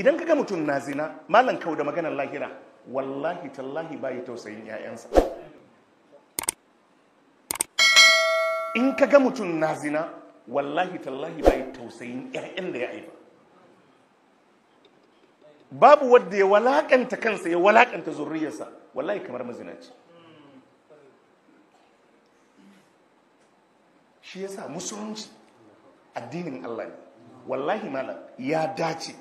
idan kaga mutum na zina malam kau da maganar lahira wallahi tallahi bayi tausayin 'ya'yansa in kaga mutum na zina wallahi tallahi bayi tausayin ƴaƴan da ya aiba babu wadda ya walakanta kansa ya walakanta zurriyarsa wallahi kamar mazinaci shi yasa musulunci addinin Allah ne wallahi malam ya dace